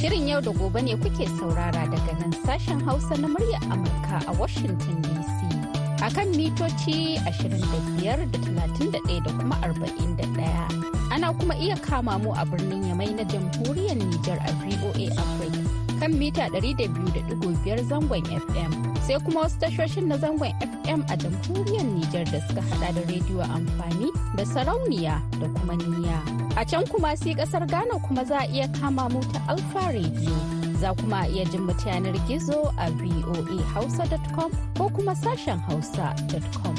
Shirin yau da gobe ne kuke saurara daga nan sashen Hausa na murya Amurka a Washington DC. A kan mitoci 25 da da kuma 41. ana kuma iya kama mu a birnin yamai na jamhuriyar Nijar a VOA Africa kan mita 200.5 zangon FM. sai kuma wasu tashoshin na zangon fm a jamhuriyar nijar da suka hada da rediyo amfani da sarauniya da kuma niya a can kuma sai kasar ghana kuma za a iya kama mu ta alfa radio za kuma iya jin mu yanar gizo a voahausa.com ko kuma sashen hausa.com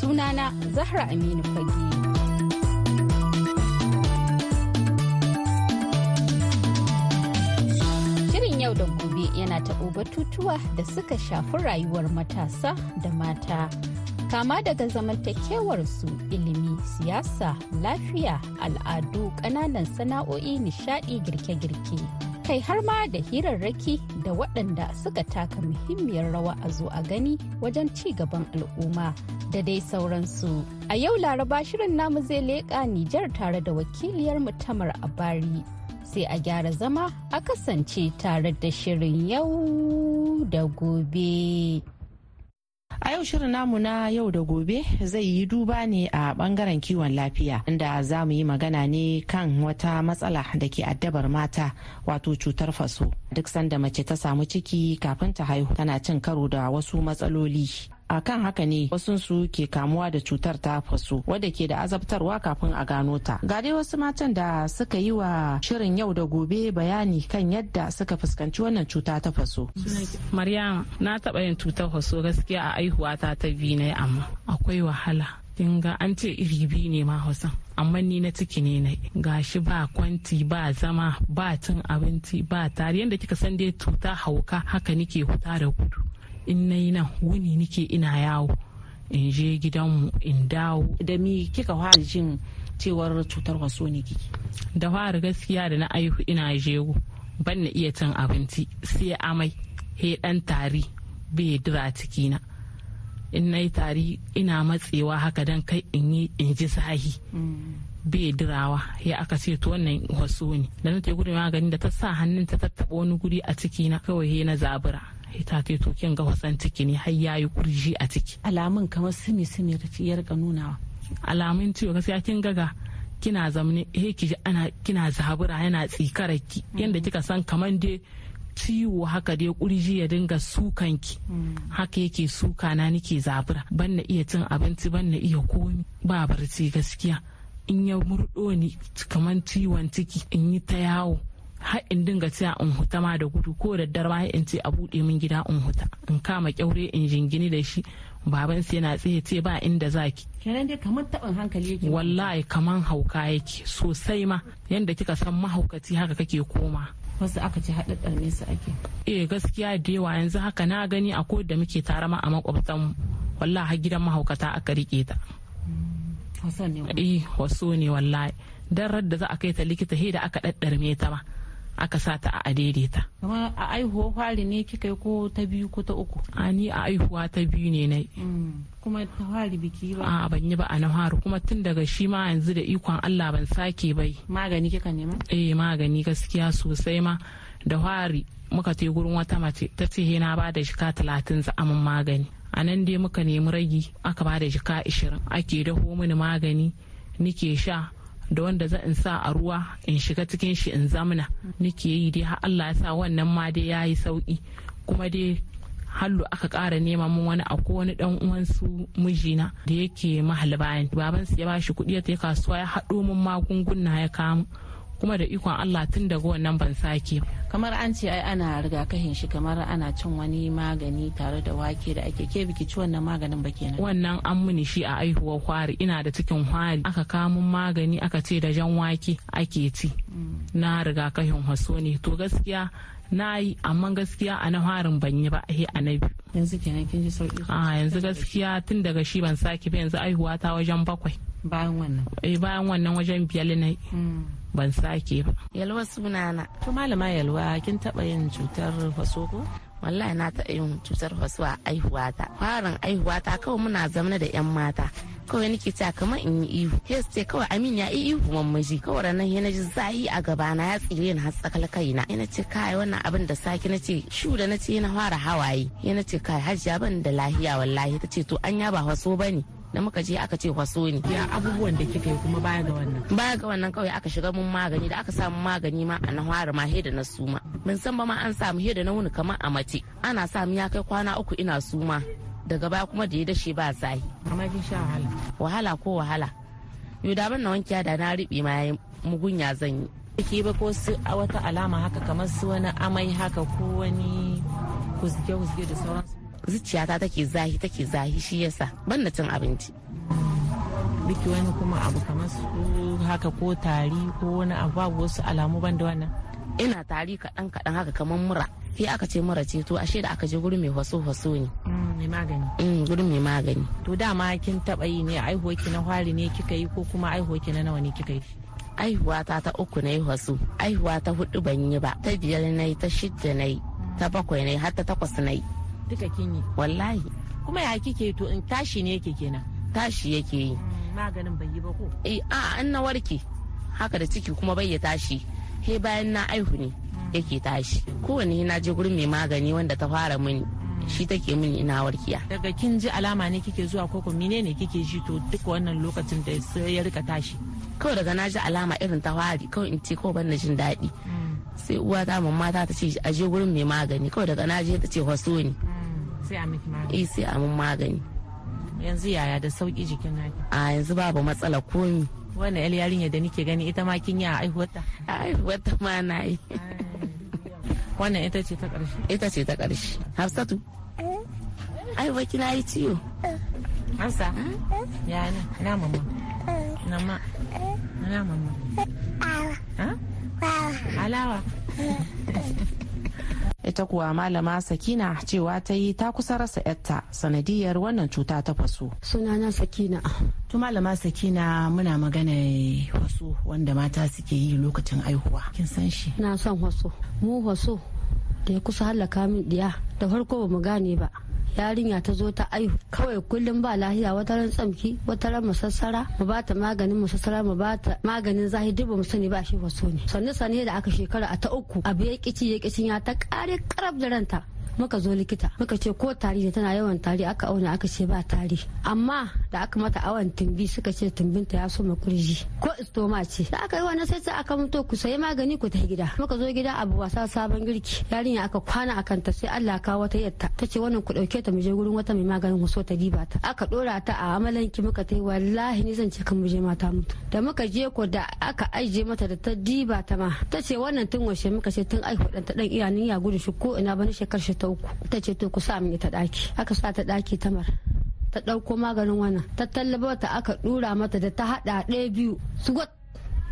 sunana zahra aminu fage batutuwa da suka shafi rayuwar matasa da mata. Kama daga zamantakewarsu ilimi, siyasa, lafiya, al'adu, ƙananan sana'o'i, nishaɗi, girke-girke. Kai har ma da hirarraki da waɗanda suka taka muhimmiyar rawa a zo a gani wajen ci gaban al'umma da dai sauransu. A yau Laraba shirin namu zai leƙa Nijar tare da wakiliyar mutamar a bari. sai a gyara zama a kasance tare da shirin yau da gobe. A yau shirin namu na yau da gobe zai yi duba ne a bangaren kiwon lafiya inda za mu yi magana ne kan wata matsala da ke addabar mata wato cutar faso. Duk sanda mace ta samu ciki kafin ta haihu tana cin karo da wasu matsaloli a kan haka ne su ke kamuwa da cutar ta faso wadda ke da azabtarwa kafin a gano ta ga dai wasu matan da suka yi wa shirin yau da gobe bayani kan yadda suka fuskanci wannan cuta ta faso maryam na taba yin cutar faso gaskiya a aihuwa ta ta biyu ne amma akwai wahala kinga an ce iri biyu ne ma hausa amma ni na ciki ne na gashi ba kwanti ba zama ba cin abinci ba tari yadda kika san dai tuta hauka haka nike huta da gudu in na yi nan wuni nike ina yawo in je gidanmu in dawo da mi kika fara jin cewar cutar waso ne kike da fara gaskiya da na aihu ina jego ban na iya cin abinci sai amai he dan tari bai dira cikina in na yi tari ina matsewa haka dan kai in yi in ji sahi bai dirawa ya aka ce to wannan waso ne da na gudun magani da ta sa hannun ta tattaɓa wani guri a cikina kawai he na zabura ta to kin ga wasan ciki ne har yayi kurji a ciki alamun kamar sumi sumi yar rika nunawa alamun ciwo gaskiya kin ga kina zamne he ki ana kina zabura yana tsikarar ki yanda kika san kamar dai ciwo haka dai kurji ya dinga sukan ki mm. haka yake suka na nike zabura ban na iya cin abinci ban na iya komi ba barci gaskiya in ya murdo ni kamar ciwon ciki in yi ta yawo har in dinga cewa in huta ma da gudu ko da dare ma in ce a buɗe min gida in huta in kama kyaure in jingini da shi baban sai na tsaye ce ba inda zaki kenan dai kamar taɓin hankali yake wallahi kamar hauka yake sosai ma yanda kika san mahaukaci haka kake koma wasu aka ci haɗaɗɗar nesa ake eh gaskiya da yawa yanzu haka na gani a ko da muke tare ma a makwabtan wallahi har gidan mahaukata aka rike ta wasu ne wallahi eh, dan da za a kai ta likita he da aka ɗaɗɗarme ta ma aka sa ta a adaidaita. Kamar a aihuwa fari ne kika yi ko ta biyu ko ta uku? A ni a aihuwa ta biyu ne na mm. Kuma ta fari biki ba? A ban yi ba a na fari kuma tun daga shi ma yanzu da ikon Allah ban sake bai. Magani kika nema? Eh magani gaskiya sosai ma da fari muka te gurin wata mace ta ce na ba da shika talatin za amin magani. A nan dai muka nemi ragi aka ba da jika ashirin ake daho mini magani nike sha da wanda za in sa a ruwa in shiga cikin shi in zamna nake yi dai har Allah ya sa wannan ma dai yi sauki kuma dai hallu aka ƙara neman mun wani a wani dan uwansu mijina da yake mahalbayan babansu ya bashi kuɗi ya kasuwa ya haɗo mun magunguna ya kamu kuma da ikon Allah tun daga wannan ban sake kamar an ce ai ana rigakafin shi kamar ana cin wani magani tare da wake da ake ke biki ci wannan maganin ba kenan wannan an muni shi a aihuwar kwari ina da cikin kwari aka kamun magani aka ce da jan wake ake ci mm. na rigakafin haso ne to gaskiya na yi amma gaskiya a na harin ban yi ba a a na yanzu kenan kin ji sauki a yanzu gaskiya tun daga shi ban sake ba yanzu aihuwa ta wajen bakwai bayan wannan eh, bayan wannan wajen biyar na mm. ban sake ba yalwa sunana to malama yalwa kin taba yin cutar ko. wallahi na taɓa yin cutar wasu a aihuwata farin aihuwata kawai muna zamana da yan mata kawai nake ta kamar in yi ihu yes ce kawai amin ya yi ihu miji kawai ranar ya ji zahi a gaba na ya tsire ni har tsakal kaina ya ce kai wannan abin da sake nace shu da nace yana fara hawaye yana ce kai hajiya ban da lahiya wallahi tace to an ya ba waso bane da muka je aka ce kwaso ne ya abubuwan da kika yi kuma baya ga wannan baya ga wannan kawai aka shiga mun magani da aka samu magani ma a nahwara ma heda na suma mun san ba ma an samu heda na wuni kamar a mace ana samu ya kai kwana uku ina suma daga baya kuma da ya dashe ba zai amma kin sha wahala wahala ko wahala yau da na wanke da na riɓe ma yayi mugunya zan yi ki ba ko su a wata alama haka kamar su wani amai haka ko wani kuzge-kuzge da sauransu ta take zahi take zahi shi yasa ban na cin abinci biki wani kuma abu kamar su haka ko tari ko wani abu babu wasu alamu ban da wannan ina tari kaɗan kaɗan haka kamar mura sai aka ce mura ce to ashe da aka je gurin mai faso faso ne mm, mai magani mm gurin mai magani to dama kin taba yi ne ki na hwari ne kika yi ko kuma ki na nawa ne kika yi aihuwa ta ta uku na yi wasu aihuwa ta hudu ban yi ba ta biyar na yi ta shidda na yi ta bakwai na yi har ta takwas na yi duka kin yi wallahi kuma ya kike to in tashi ne yake kenan tashi yake yi mm, maganin bai yi ba ko eh a an na warke haka da ciki kuma bai ya tashi he bayan na aihu ne mm. yake tashi kowanne na je gurin mai magani wanda ta fara mini mm. shi take min ina warkiya daga kin ji alama ne kike zuwa koko mine ne kike ji to duk wannan lokacin da ya rika tashi kawai daga na ji alama irin ta fari kawai in ce kawai ban na jin daɗi sai uwa ta mamma ta ce a je gurin mai magani kawai daga na je ta ce waso ne sai a eh, sai a mun magani yanzu yaya da sauki jikin na a yanzu babu matsala komi wannan yar yarinya da nike gani ita ma kin yi a aihuwarta a aihuwarta ma na yi wannan ita ce ta karshe ita ce ta karshe hafsatu eh. ai ba kina yi ciwo eh. ya ne na mama na ma na mama alawa ita kuwa malama sakina cewa ta yi ta kusa rasa yatta sanadiyar wannan cuta ta faso sunana sakina tu malama sakina muna magana wasu wanda mata suke yi lokacin aihuwa kin san shi na son wasu mu wasu da ya kusa hallaka min diya da farko ba mu gane ba yarinya ta zo ta aihu kawai kullum ba lahiya wata ran tsamki wata ran musassara mu ba ta maganin musassara mu ba ta maganin zahi duk ba mu sani ba shi waso ne sanne sanne da aka shekara a ta uku abu ya kici ya kici ya ta kare karab da ranta muka zo likita muka ce ko tari da tana yawan tari aka auna aka ce ba tari amma da aka mata awon tumbi suka ce tumbinta ya soma kurji ko istoma ce da aka yi wannan sai aka mutu ku sayi magani ku ta gida muka zo gida abu wasa sabon girki yarinya aka kwana akan ta sai Allah ka wata yatta ta ce wannan ku dauke ta mu je gurin wata mai maganin so ta diba ta aka dora ta a amalanki muka ta wallahi ni zan ce kan mu je mata mutu da muka je ko da aka aije mata da ta diba ta ma ta ce wannan tun washe muka ce tun aihu dan ta dan iya ya gudu shi ko ina bani shekar shi ta uku ta ce to ku sa min ita daki aka sa ta daki tamar ta ɗauko maganin wannan ta tallaba ta aka ɗura mata da ta hada ɗaya biyu su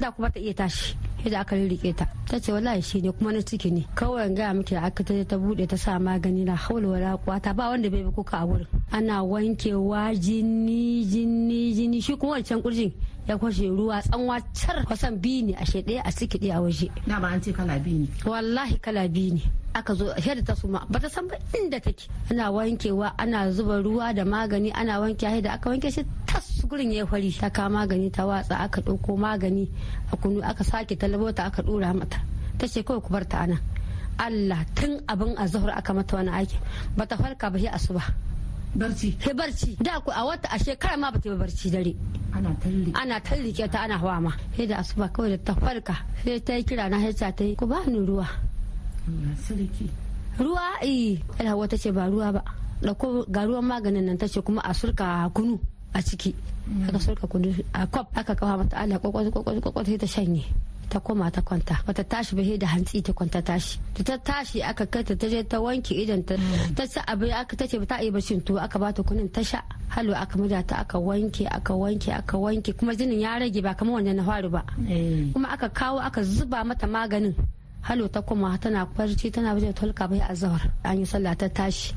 da kuma ta iya tashi yadda aka rirriƙe ta ta ce wallahi shi ne kuma na ciki ne kawai gaya miki da aka ta bude ta sa magani na haula wala kwata ba wanda bai bi kuka a wurin ana wankewa jini jini jini shi kuma wancan kurjin ya kwashe ruwa tsanwa car kwasan biyu ne a ɗaya a a waje. Na ba an ce kala biyu ne. Wallahi kala biyu ne. Aka zo da ta suma bata san ba inda take. Ana wankewa ana zuba ruwa da magani ana wanke da aka wanke shi tas gurin ya fari ta ka magani ta watsa aka ɗauko magani a kunu aka sake talabota aka ɗora mata. Ta ce kawai ku bar ta ana. Allah tun abin a zuhur aka mata wani aiki bata farka ba sai asuba. barci ke barci da ku a wata a shekara ma bata barci dare ana tallike ana ta ana hawa ma sai da asuba kawai da ta farka sai ta yi kira na sai ta yi ku ba ni ruwa ruwa eh alhawa ta ce ba ruwa ba da ko ga ruwan maganin nan ta ce kuma a surka kunu a ciki aka sulka kudu a kwab aka kawo mata ala kwakwata kwakwata sai ta shanye ta koma ta kwanta bata tashi ba da hantsi ta kwanta tashi da ta tashi aka kai ta je ta wanke idan mm. ta ta ci abin aka tace ba ta yi bacin to aka ba ta kunin ta sha halu aka maja ta aka wanke aka wanke aka wanke kuma jinin ya rage ba kamar wanda na faru ba eh. kuma aka kawo aka zuba mata maganin halo ta koma tana farci tana bude tolka bai azawar an yi sallah ta tashi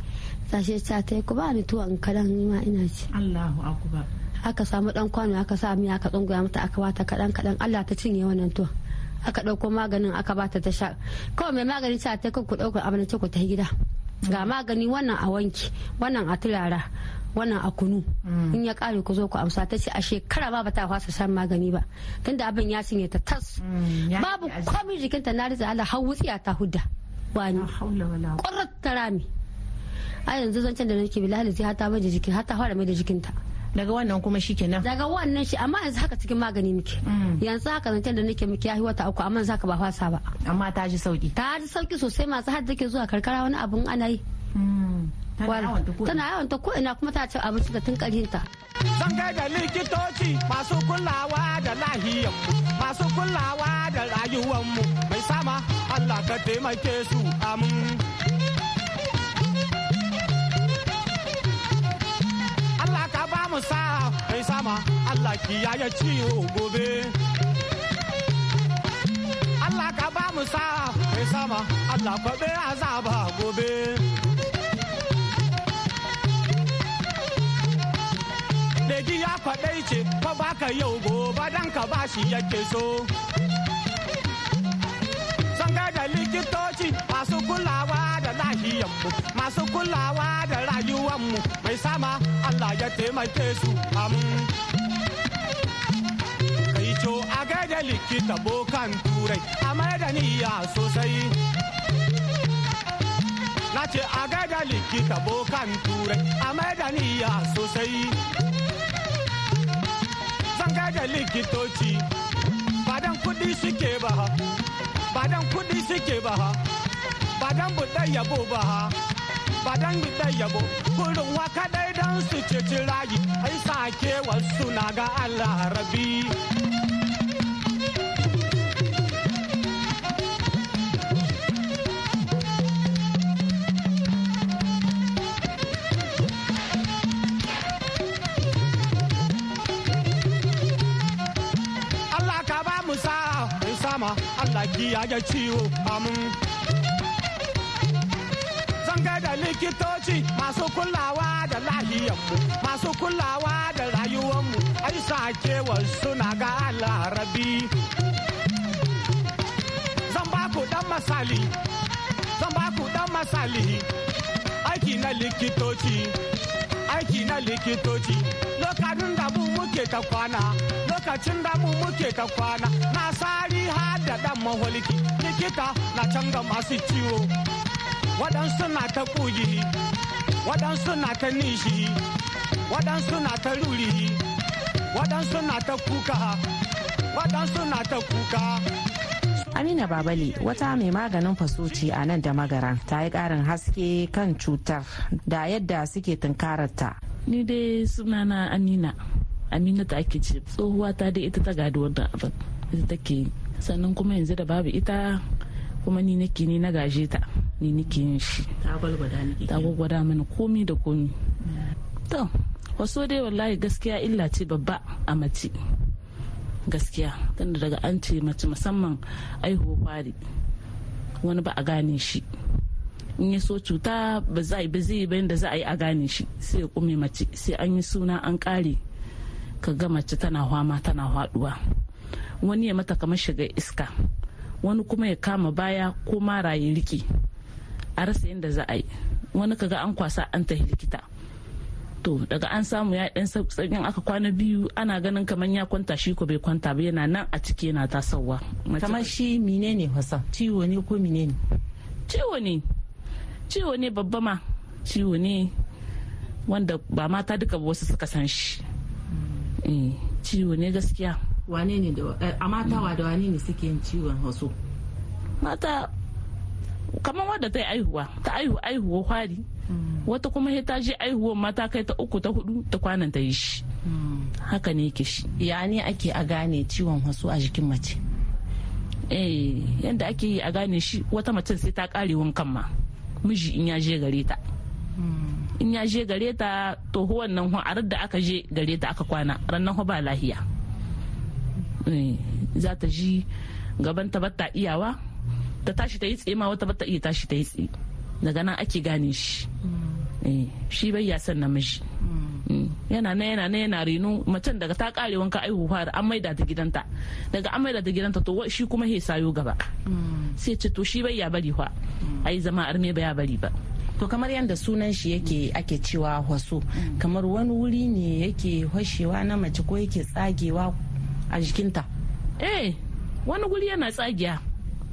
sashe ta ta ku ba ni tuwon kadan ma ina ci Allahu akbar aka samu dan kwano aka sa miya aka tsunguya mata aka bata kadan kadan Allah ta cinye wannan tuwon aka dauko maganin aka bata ta sha kawai mai maganin ta ta ku dauko abinci ku ta gida ga magani wannan a wanki wannan a turara wannan a kunu mm. in ya kare ku zo ku amsa ta ce a shekara ba bata fasa shan magani ba tunda abin ya cinye ta tas mm, babu komai jikinta na riza Allah har wutsiya ta hudda wani ƙwarar ta rami a yanzu zancen da nake bilal sai ta mai da jiki hata fara mai da jikinta daga wannan kuma shi kenan daga wannan shi amma yanzu haka cikin magani muke mm. yanzu haka zancen da nake muke yahi wata uku amma yanzu haka ba fasa ba amma ta ji sauki ta ji sauki sosai masu har take zuwa karkara wani abun ana yi mm. tana yawan ta ko'ina kuma ta ci abinci da tun karinta. Zan kai da likitoci masu kulawa da lahiyar masu kulawa da rayuwar mu mai sama Allah ka taimake su amin. ka ba mu sa mai sama Allah kiyaye ciwo gobe Allah ka ba mu sa mai sama Allah kwabe azaba gobe Degi ya faɗai ce, fa baka yau gobe dan ka bashi yake so. likitoci masu kulawa da lahiyanmu masu kulawa da rayuwanmu mai sama Allah ya taimake su kai co a gaida likita bokan turai a mai da sosai na ce a gaida likita bokan turai a mai da sosai zan gaida likitoci fadan kudi suke ba ba dan kudi suke ba ha ba dan buɗe yabo ba ha ba dan buɗe yabo kurin waka dai dan su ce rayu ai sake wasu na ga Allah rabi ya da ciwo amu zanga da likitoci masu kulawa da lahiyanmu, masu kulawa da rayuwarmu ai sakewar suna ga larabi. Zan ba ku dan masali, zan ba ku dan masali, aiki na likitoci. aiki na likitoci lokacin da mu muke ta kwana lokacin da mu muke ta kwana na sari har da dan maholiki likita na canza masu ciwo waɗansu na ta ƙugi waɗansu na ta nishi waɗansu na ta ruri waɗansu na ta kuka waɗansu na ta kuka amina babali wata mai maganin fasoci a nan da magaran ta yi karin haske kan cutar da yadda suke tunkararta ni dai sunana amina amina ta ake ce tsohuwa ta dai ita ta gadi wannan abin ita take sannan kuma yanzu da babu ita kuma ni nake ni na gaje ta ni nake yin shi ta gwagwada mana komi da komi to wasu dai wallahi gaskiya illa ce babba a mace gaskiya tunda daga an ce mace musamman aiho fari wani ba a gane shi in ya so cuta ba za ba zai ba da za a yi a gane shi sai ya kume mace sai an yi suna an kare ka ga mace tana hwama tana haduwa wani ya mata kamar shiga iska wani kuma ya kama baya ko mara ya rike a rasa yadda za a yi wani kaga an kwasa an tahi likita to daga an samu ya dan tsagin aka kwana biyu ana ganin kamar ya kwanta shi ko bai kwanta ba yana nan a ciki yana tasowa kamar shi menene hasa ciwo ne ko menene ciwo ne ciwo ne babba ma ciwo ne wanda ba mata duka ba wasu suka san shi hmm. eh, ciwo ne gaskiya wane ne da eh, a mata wa da wane ne suke yin ciwon haso mata kamar wadda ta yi aihuwa ta aihu aihuwa kwari wata kuma sai ta je aihuwa mata ta kai ta uku ta hudu ta kwanan ta yi shi haka ne yake shi ya ne ake a gane ciwon hasu a jikin mace eh yanda ake yi a gane shi wata mace sai ta kare wankan ma miji in ya je gare ta in ya je gare ta to wannan a da aka je gare ta aka kwana rannan ba lahiya eh, za ta ji gaban ta batta iyawa ta tashi ta yi tsaye ma wata bata iya tashi ta yi tsaye daga nan ake gane shi mm. eh, shi bai ya san namiji mm. Mm. yana na yana na yana reno macen daga ta kare wanka huwa da an maida ta gidanta daga an maida ta gidanta to shi kuma he sayo gaba sai ce to shi bai ya bari fa ai zama arme ba ya bari ba to kamar yadda sunan shi yake ake cewa hwaso kamar wani wuri ne yake hwashewa na mace ko yake tsagewa a jikinta eh wani guri yana tsagiya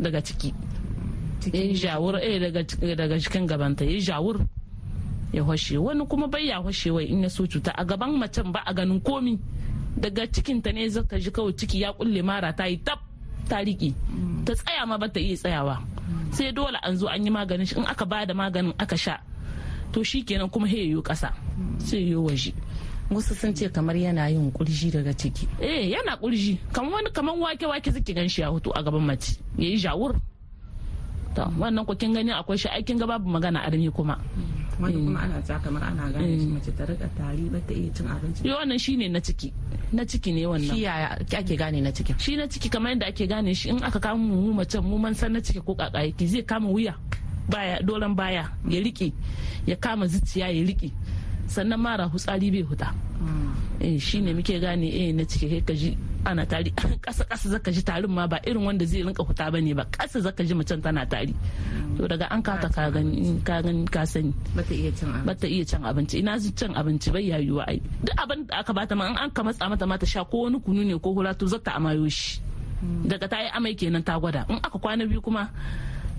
daga ciki ya yi eh, jawur eh, daga cikin gabanta ya eh, yi jawur ya hoshe wani kuma bai ya hoshe wai in ya so cuta a gaban macen ba a ganin komi daga cikinta ne zata ji kawai ciki ya kulle mara ta yi tab ta riƙe mm. ta tsaya ma bata iya tsayawa mm. sai dole an zo an yi maganin shi in aka ba da maganin aka sha to shi kenan kuma he yo ƙasa mm. sai yo waje wasu sun ce kamar yana yin kurji daga ciki eh yana kurji kamar wani kamar wake wake zaki ganshi ya hutu a gaban mace yayi jawur to wannan ku kin gani akwai shi aikin ga babu magana arni kuma wani kuma eh. ana ta kamar ana gane shi eh. mace ta rika tari ba ta iya cin abinci yo wannan shine na ciki na ciki ne wannan shi yaya ake gane na ciki shi na ciki kamar yadda ake gane shi in aka kama mu mace mu man san na ciki ko kaka yake zai kama wuya baya dolan baya ya rike ya kama zuciya ya rike sannan mara hutsari bai huta mm. eh, shi ne muke gane eh na cike kai ka ji ana tari kasa kasa zaka ji tarin ma ba irin wanda zai rinka huta bane ba kasa zaka ji macen tana tari mm. to daga an kata ka gani ka gani ka sani bata iya cin abinci iya cin abinci ina zai cin abinci bai yayuwa ai duk abin da aka bata ma an ka matsa mata ma sha ko wani kunu ne ko hula to zata amayo shi mm. daga ta yi amai kenan ta gwada in aka kwana biyu kuma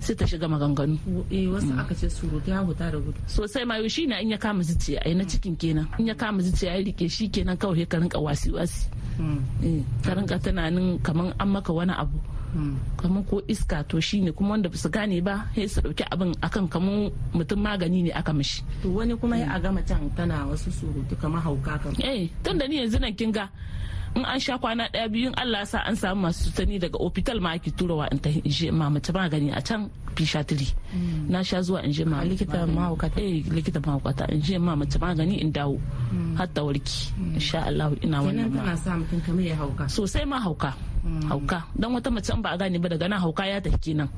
sai ta shiga maganganu eh wasu aka ce surutu ya huta da gudu sosai ma shi ne in ya kama zuciya ai na cikin kenan in ya kama zuciya ya rike shi kenan kawai ka rinka wasi wasi hmm. eh, ka rinka tunanin kaman an maka wani abu hmm. kamar ko iska to shine kuma wanda su gane ba sai su dauki abin akan kamar mutum magani ne aka mishi to wani kuma ya aga can tana wasu surutu kamar hauka kan eh tun da ni yanzu nan kin ga in an sha kwana daya biyun Allah sa an samu masu sutani daga opital ma ake turawa in ta je ma mace magani a can fishatiri mm. na sha zuwa in je ma likita mahaukata eh likita mahaukata in je ma mace magani in dawo mm. har ta warki mm. insha Allah ina wannan ma kana sa mutum kamar ya hauka sosai ma hauka hauka dan wata mace ba a gane ba daga nan hauka ya tafi kenan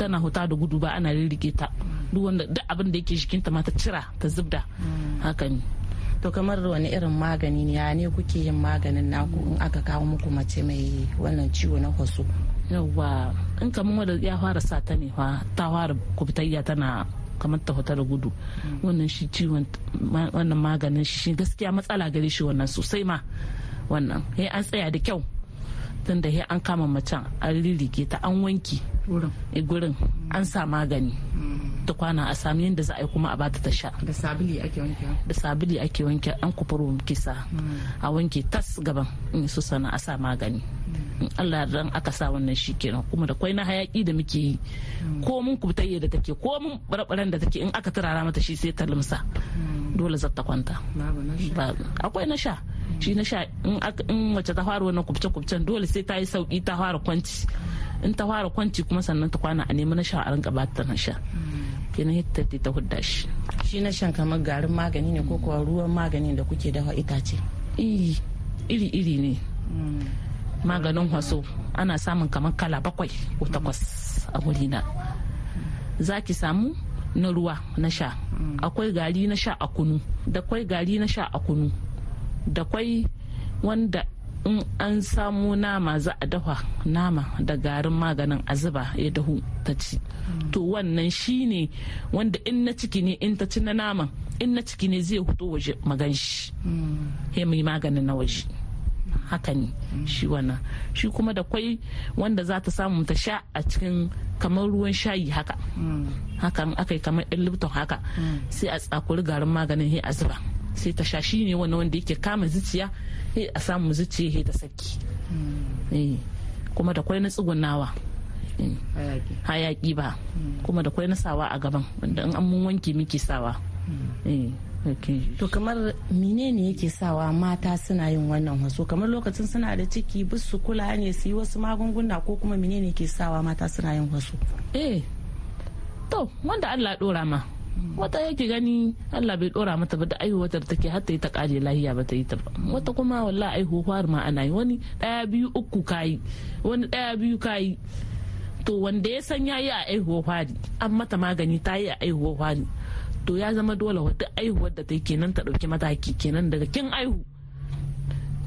tana huta da gudu ba ana rirrike ta duk wanda duk abin da yake jikinta ma ta cira ta zubda haka ne to kamar wani irin magani ne ya ne kuke yin maganin naku in aka kawo muku mace mai wannan ciwo na kwaso yawwa in kamar wadda ya fara sa ta ne ta fara kubtayya tana kamar ta fita da gudu mm. wannan shi ciwon wannan maganin shi gaskiya matsala gare shi wannan sosai ma wannan sai an tsaya da kyau tunda da an kama macen an ta an wanki gurin eh, an sa magani mm. ta kwana a sami yadda za a yi kuma a bata ta sha da sabili ake wanke da sabili ake wanke an kufuru kisa mm. a wanke tas gaban in su sana a sa magani mm. Allah ran aka sa wannan shi kenan kuma da kwai na hayaki da muke yi ko mun kubtayya da take ko mun barbaran da take in aka turara mata shi sai ta limsa dole za ta kwanta akwai na sha shi na sha in wace ta fara wannan kubce-kubcen dole sai ta yi sauki ta fara kwanci in ta fara kwanci kuma sannan ta kwana a nemi na sha a rinka ba ta na sha kenan hitta ta hudda shi shi na shan kamar garin magani ne ko kuwa ruwan magani da kuke dafa itace iri iri ne mm. maganin haso ana samun kamar kala bakwai ko takwas a wuri na za ki samu na ruwa na sha mm. akwai gari na sha a kunu da kwai gari na sha a kunu da kwai wanda in an samu nama za a dafa nama da garin maganin a zuba ya dahu ta ci to wannan shi ne wanda in na ciki ne in ta ci na naman in na ciki ne zai fito waje magan shi Ya hmm. mai maganin na waje haka ne shi hmm. wannan shi kuma da kwai wanda za ta samu ta sha a cikin kamar ruwan shayi haka hmm. hakan aka yi kamar yan lipton haka sai a tsakuri garin maganin ya a zuba sai ta sha shi ne wannan wanda yake kama zuciya a samu he ta saki hmm. eh, kuma da kwai na tsugunawa eh, hayaki ba hmm. kuma da kwai na sawa a gaban wanda in an mun wanki miki sawa hmm. eh, to kamar menene yake sawa mata suna yin wannan wasu kamar lokacin suna da ciki bisu kula ne su yi wasu magunguna ko kuma menene yake sawa mata suna yin wasu eh to wanda Allah dora ma wata yake gani Allah bai dora mata ba da aihuwatar take har ta yi ta kare lahiya ba ta yi ta ba wata kuma walla aihuwar ma ana yi wani daya biyu uku kayi wani daya biyu kayi to wanda ya san yayi a aihuwar an mata magani ta yi a aihuwar to ya zama dole wata aihuwar da ta yi kenan ta dauki mataki kenan daga kin aihu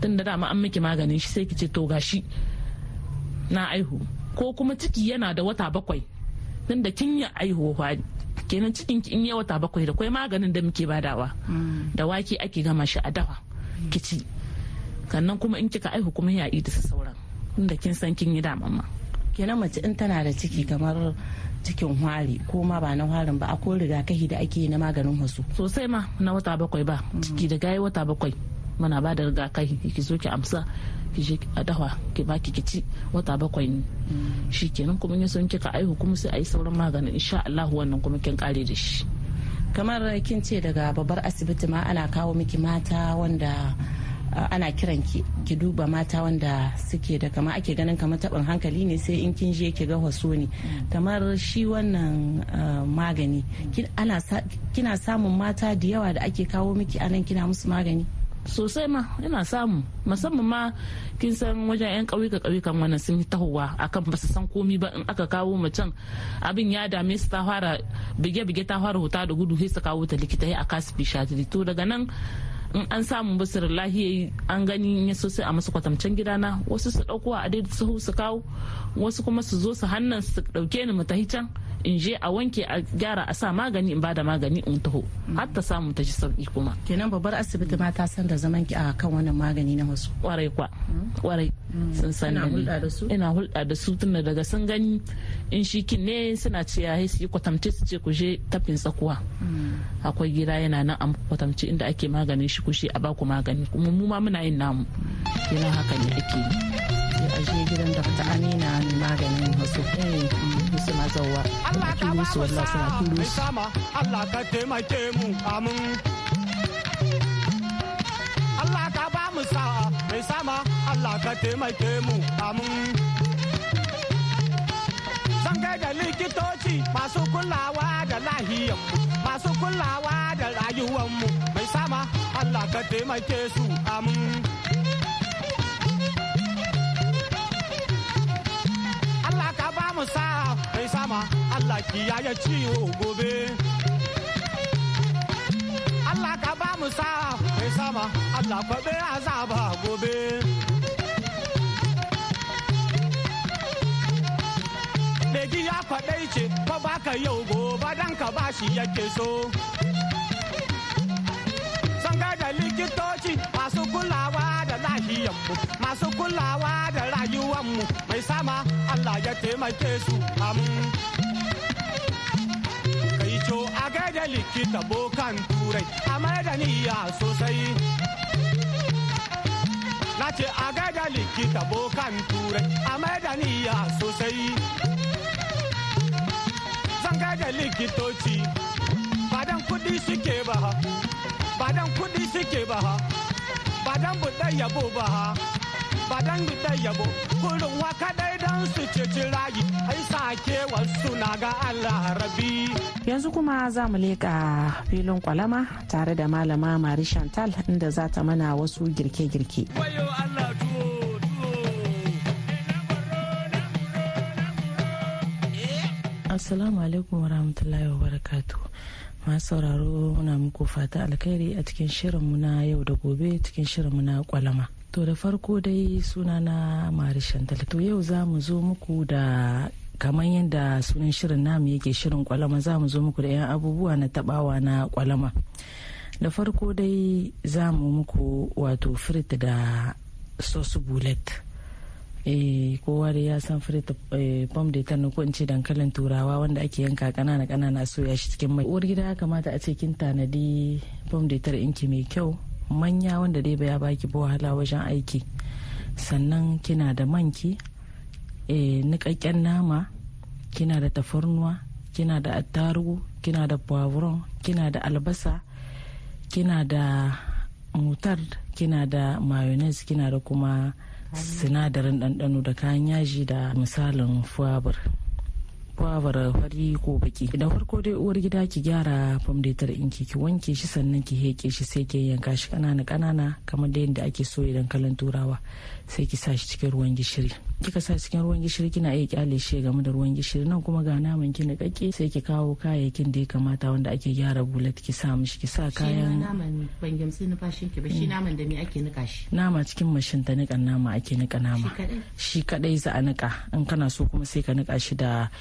tun da dama an miki maganin shi sai ki ce to gashi na aihu ko kuma ciki yana da wata bakwai nan da kin yi aihuwa kenan cikin in yi wata bakwai da kwai maganin da muke badawa mm. da wake ake gama shi a dawa mm. kici sannan kuma in kika aihu kuma ya da sauran inda kin san kin yi damamma kenan mace in tana da ciki kamar cikin hwari ko ma ba na hwarin ba akwai rigakafi da ake yi na maganin wasu sosai ma na wata bakwai ba mm. ciki da gaya wata bakwai mana ba da rigakai ki zo ki amsa ki je a dawa ki baki ki ci wata bakwai ne shi kenan kuma ya son kika aihu kuma sai a yi sauran maganin insha Allah wannan kuma kin kare da shi kamar kin ce daga babbar asibiti ma ana kawo miki mata wanda ana kiran ki duba mata wanda suke da kama ake ganin kamar tabin hankali ne sai in kin je ki ga wasu ne kamar shi wannan magani kina samun mata da yawa da ake kawo miki anan kina musu magani sosai ma yana samu musamman ma kin san wajen yan ƙauyuka ƙauyukan wannan sun yi tahowa akan basu san komi ba in aka kawo mutum abin ya dame su ta fara bige-bige ta fara huta da gudu sai su kawo ta likita a kasu bishadiri to daga nan in an samu basir lahiya an gani ya so sai a masu kwatamcen gidana wasu su dauko a dai su kawo wasu kuma su zo su hannan su dauke ni mu tahi can in je a wanke a gyara a sa magani in bada magani in taho mm. har ta samu ta ji sauki kuma kenan babbar asibiti ma ta san da zaman ki a kan wannan magani na wasu kwarai kwa mm. kwarai mm. sun san ina hulɗa da su tunda daga sun gani in shi kin ne suna ce ya su yi kwatamce su ce ku je tafin tsakuwa akwai gida yana nan an kwatamce inda ake maganin shi ku shi a baku magani kuma mu ma muna yin namu yana haka ne ake yi a je gidan Dr. Amina mai maganin wasu musu eh, mazawa. Allah ka ba mu sa Allah ka taimake mu amin. Allah ka ba mu sa mai sama Allah ka taimake mu amin. Zan kai da likitoci masu kulawa da lahiyar masu kulawa da rayuwar mu mai sama Allah ka taimake su amin. ba mu sa mai sama Allah kiyaye ciwo gobe. Allah ka ba mu sa mai sama Allah kwaɓe azaba gobe. Legi ya kwaɗai ce, ba baka yau gobe dan ka ba shi yake so. da likitoci masu kulawa da lahiyanmu masu kulawa da rayuwanmu mai sama Allah ya taimake su kai co a gaida likita bokan turai a da niyya sosai na ce a gaida likita bokan turai a da niyya sosai zan da likitoci badan kudi suke ba ba dan kuɗi suke ba ha ba dan yabo ba ha ba dan yabo kurin waka dai dan su ceci rayu ai sake wasu na ga Allah rabi yanzu kuma za mu leƙa filin kwalama tare da malama Mari Chantal inda za ta mana wasu girke-girke. Wayo alaikum wa rahmatullahi wa barakatuh. masu sauraro muna muku fata alkhairi a cikin shirinmu na yau da gobe cikin shirinmu na kwalama to da farko dai suna na marishan to yau za mu zo muku da kamar yadda sunan shirin namu yake shirin kwalama za mu zo muku da 'yan abubuwa na tabawa na kwalama da farko dai za mu muku wato firit da sosu bullet Eh, kowa da ya san frit eh, pom de ta ko in ce dankalin turawa wanda ake yanka kanana kanana soya shi cikin mai uwar gida ya kamata a ce kin tanadi pom da tar inki mai kyau manya wanda dai ba ya baki ba wahala wajen aiki sannan kina da manki eh, niƙaƙƙen nama kina da tafarnuwa kina da attarugu kina da poivron kina da albasa kina da mutar kina da mayonnaise kina da kuma sinadarin ɗanɗano da kayan yaji da misalin fuwabar fuwabar fari ko baki da farko dai uwar gida ki gyara famdetar inki ki wanke shi sannan ki heke shi sai ki yanka shi kanana kanana kamar da yadda ake so idan kalan turawa sai ki sa shi cikin ruwan gishiri kika sa cikin ruwan gishiri kina iya kyale shi game da ruwan gishiri nan kuma ga naman ki kake sai ki kawo kayayyakin da ya kamata wanda ake gyara bulat ki sa mishi ki sa kayan naman ban gamsu fashin ki ba shi mm. naman da me ake nika shi nama cikin mashin ta nika nama ake nika nama shi kadai za a nika in kana so kuma sai ka nika shi da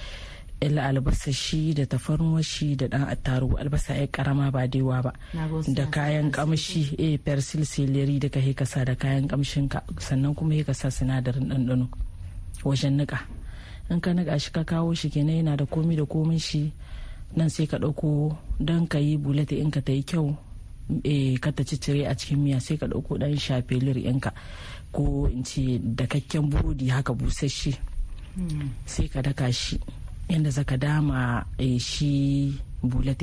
ila albasa shi da tafarnuwa shi da dan attarugu albasa ya karama ba daiwa ba da kayan kamshi eh persil celery da ka sa da kayan kamshin ka sannan kuma ka sa sinadarin ɗanɗano wajen nika in ka nika shi ka kawo shi kenan yana da komi da komin shi nan sai ka ɗauko don ka yi bulata in ka ta yi kyau eh, ka ta ciccire a cikin miya sai ka ɗauko ɗan shafelir ɗinka ko in ce dakakken burodi haka busasshe hmm. sai ka daka shi yadda ka dama eh, shi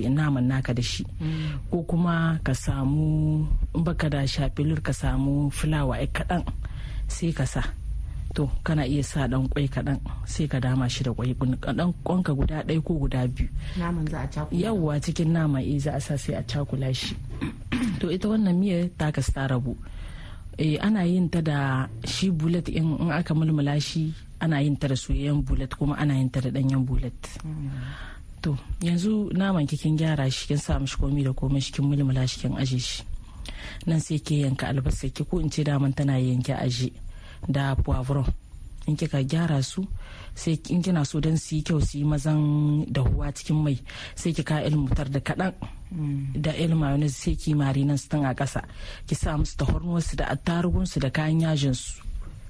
in naman naka da shi hmm. ko kuma ka samu baka da shafelir ka samu fulawa ai kaɗan sai ka sa to kana iya sa dan kwai kaɗan sai ka dama shi da kwai kadan kwanka guda ɗaya ko guda biyu naman za a cakula yawwa cikin nama eh za a sa sai a cakula shi to ita wannan miya ta ka rabu eh ana yin ta da shi bullet in aka mulmula shi ana yin ta da soyayyen bullet kuma ana yin ta da danyen bullet hmm. to yanzu naman kikin gyara shi kin sa mishi komai da komai shi kin mulmula shi kin aje shi nan sai ke yanka albasa ki ko in ce daman tana yanke aje da poivron in kika gyara su sai in kina so don su yi kyau su yi mazan dahuwa cikin mai sai kika ilmutar da kaɗan mm. da il mayonnaise sai ki marinan su a ƙasa ki sa musu da da attarugunsu da kayan yajin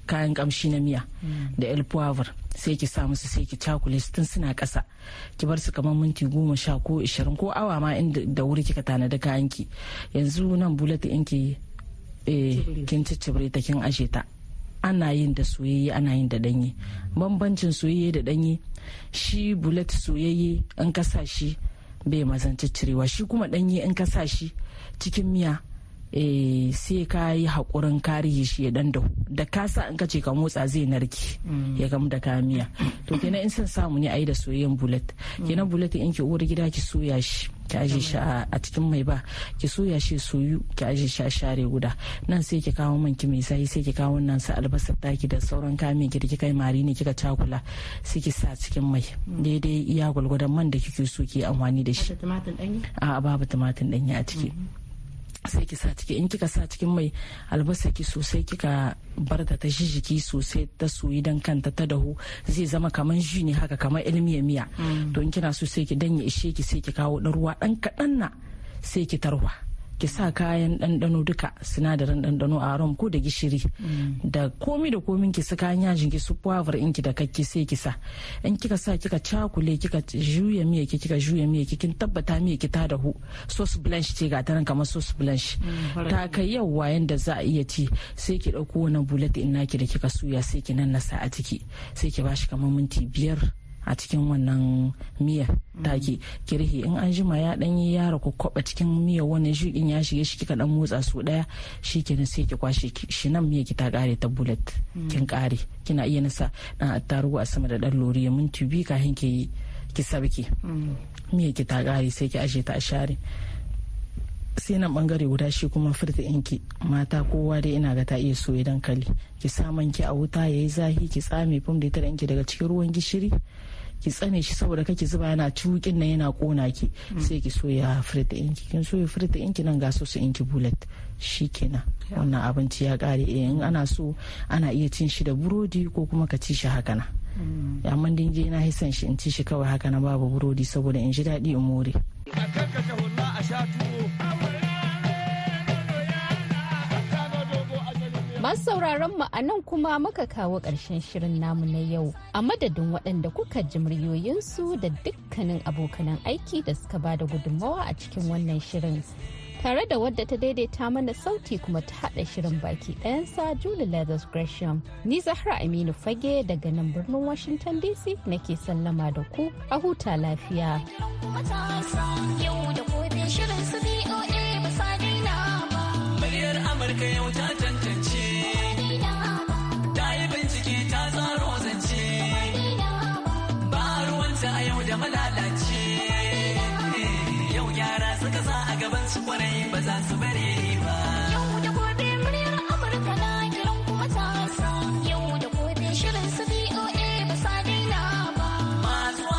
kayan kamshi na miya mm. da il puwavar sai ki sa musu sai ki cakule su tun suna ƙasa ki bar su kamar minti goma sha ko ishirin ko awa ma inda da wuri kika tanada kayan ki yanzu nan bulata in ki eh, kin ciccire ta kin aje ta ana yin da soyayye ana yin da danyi bambancin soyayye da danyi shi bulet soyayye in kasashi sa shi bai mazanci cirewa shi kuma danyi in ka shi cikin miya Eh, sai ka yi haƙurin karihi shi ya dan da ka sa in ka ce ka motsa zai narki ya gamu da kamiya to kenan in san samu ne a yi da soyayyen bulet kenan bulet in ki uwar gida ki soya shi ki aje shi a cikin mai ba ki soya shi soyu ki aje shi a share guda nan sai ki kawo man ki mai sai sai ki kawo nan sa albasar taki da sauran kamin ki da kika mari ne kika cakula sai ki sa cikin mai daidai iya gwalgwadon man da kike so ki amfani da shi a babu tumatir danyi a ciki sai ki sa ciki in kika sa cikin mai albasa ki sosai kika bar da ta jijiki sosai ta soyi dan kanta ta dahu zai zama kamar ji ne haka kamar ilmiya miya mm. to in kina so sai ki danye ishe ki sai ki kawo ɗan ruwa ɗan kaɗanna na sai ki tarwa ki sa kayan ɗanɗano duka sinadarin ɗanɗano a rom ko da gishiri mm. da komi da komin ki su kayan yajin ki su puwavar in ki da kakki sai ki sa in kika sa kika cakule kika juya miya ki kika juya miya ki kin tabbata miya ki ta dahu sauce blanche ce ga taran kamar sauce blanche mm, ta kai wa yanda za a iya ci sai ki ɗauko wani bulet in naki da kika suya sai ki nannasa a ciki sai ki bashi kamar minti biyar a cikin wannan miya mm. ta ke kirhi in an jima ya dan yi yara ku kwaba cikin miya wannan shukin ya shige shi kika dan motsa su daya shi nan sai ki kwashe shi nan miya ki ta kare ta bullet mm. kin kare kina iya nasa dan attarugu a sama da dan ya minti biyu kafin ki ki sabki mm. miya ki ta kare sai ki aje ta a share sai nan bangare guda shi kuma furta inki mata kowa dai ina ga ta iya soye dankali ki saman ki a wuta yayi zahi ki tsame fum da ita inki daga cikin ruwan gishiri ki tsane shi saboda kake zuba yana cukin nan yana kona ki mm. sai ki soya firita inki kin soya firita inki nan ga su inki bullet shikenan wannan abinci ya kare eh, in ana so ana iya cin shi da burodi ko kuma ka ci shi haka mm. na amma din je na hisan shi in ci shi kawai haka na babu burodi saboda in ji daɗi in more Masu sauraron mu a nan kuma muka kawo ƙarshen shirin namu na yau. A madadin waɗanda kuka ji muryoyinsu da dukkanin abokanan aiki da suka ba da gudunmawa a cikin wannan shirin. Tare da wadda ta daidaita mana sauti kuma ta haɗa shirin baki ɗayansa Julie Leathers Gresham. Ni Zahra Aminu Fage daga nan birnin Washington DC nake sallama da ku a huta lafiya. Amurka yau ba za su